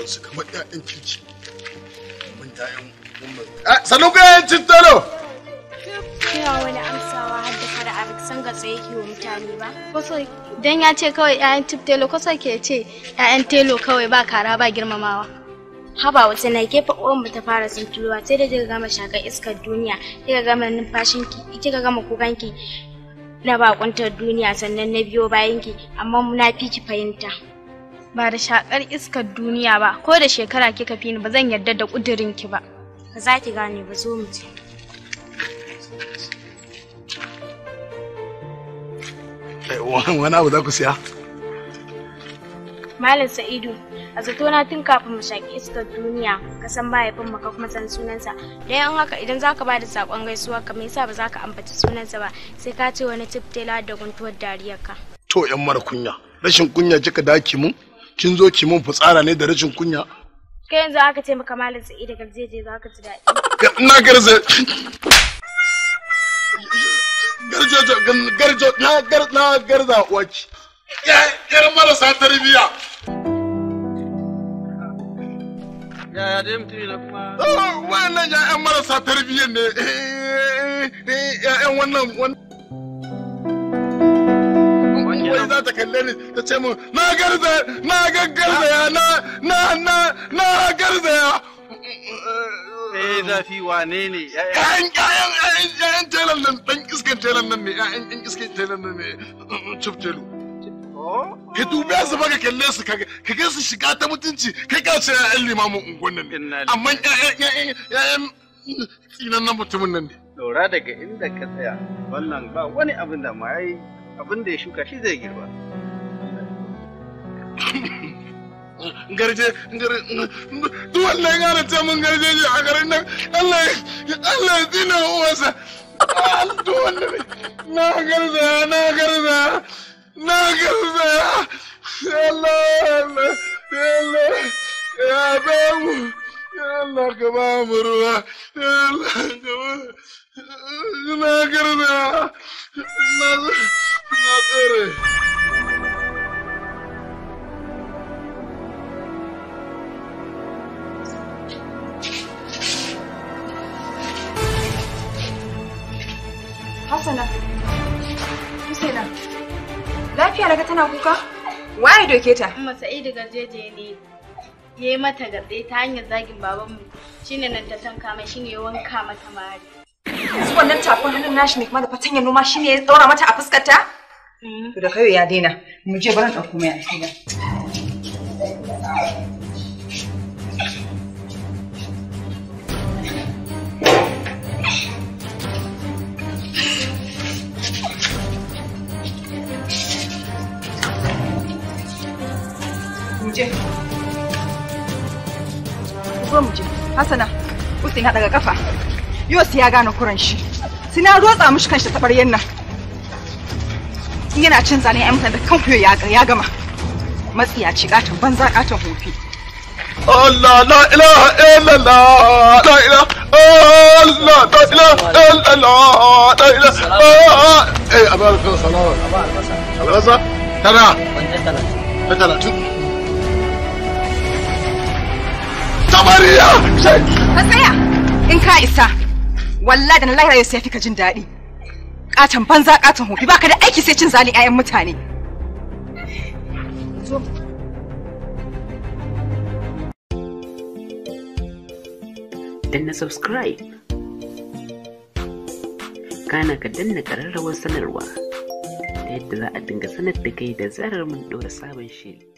gansu kamar ƴaƴan kirki mun ƴaƴan umma ah, sanu ga yan cittaro yawa wani amsawa har da fara'a duk san ga tsaye wa mutane ba kwaso dan ya ce kawai ƴaƴan tittelo kwaso ke ce ƴaƴan telo kawai ba kara ba girmamawa haba wata na gefe uwan mu ta fara sintulowa sai da kika gama shakar iskar duniya kika gama numfashinki kika gama kukanki na bakuntar duniya sannan na biyo bayanki amma na fi ki fahimta ba da shakar iskar duniya ba ko da shekara kika fi ni ba zan yarda da kudirin ki ba ba za ki gane ba zo mu je wani abu za ku siya malam sa'idu a zato na tun kafin mu shaki iskar duniya ka san mahaifin ka kuma san sunansa da yan haka idan za ka bada sakon gaisuwa ka me yasa ba za ka ambaci sunansa ba sai ka ce wani tiftela da guntuwar dariyarka to yan mara kunya rashin kunya kika daki mu kin zo ki mun fitsara ne da rashin kunya kai yanzu aka ce maka malam sai da garzeje za ka ji daɗi ina garze garjojo garjo na gar na garza uwaki yar marasa tarbiya ya dai mutum na kuma oh, wannan ya'yan marasa tarbiyyar ne eh, eh, eh, yan wannan wannan wani za ta kalle ni ta ce mun na garza na gaggarza ya na na na na garza ya eh zafi wane ne ƴaƴan ƴaƴan ƴaƴan telan nan dan iskan telan nan me ƴaƴan ƴan iskan telan nan ne chip telo ka dube su ba ka kalle su ka ga su shiga ta mutunci kai ka ce ƴaƴan limamin unguwan nan ne amma ƴaƴan ƴaƴan ƴaƴan tsinan nan mutumin nan ne Dora daga inda ka tsaya, wannan ba wani abin da ma yi abin da ya shuka shi zai girba garje wannan mun garje ji a garin nan Allah Allah ya ah, na garza na na garza Allah Allah Allah ya Allah ka ba mu ruwa Allah ka ba na garza na na tsere Hassana, Husaina, lafiya daga tana kuka? Waye doke ta? Amma Sa'idu gajeje ne ya yi mata gatse ta hanyar zagin babanmu shine nan ta tanka mai shi ne wanka mata mahari. Yanzu wannan tafin hannun nashi mai kuma da fatanya noma shine ya daura mata a fuskarta. ta? To da kai ya daina, mu je baran ɗauko mai a gida. Muje. Zo muje. Hassana, Usain na daga kafa. Yos ya gane kuran shi. Sina rotsa mishi kanshi taɓaryen nan. duk yana cin zane ya mutane da kan kuyo ya gama matsiya ce gatan banza gatan hofi Allah la ilaha illallah la ilaha Allah la ilaha illallah la ilaha eh salawa ka tsaya in ka isa wallahi da na lahira sai fi ka jin daɗi Katon banza katon hobi baka da aiki sai cin zalin 'ya'yan mutane. Zo. Danna subscribe. Kana ka danna kararrawar sanarwa ta yadda za a dinga sanar da kai da zarar mun ɗora sabon shiri.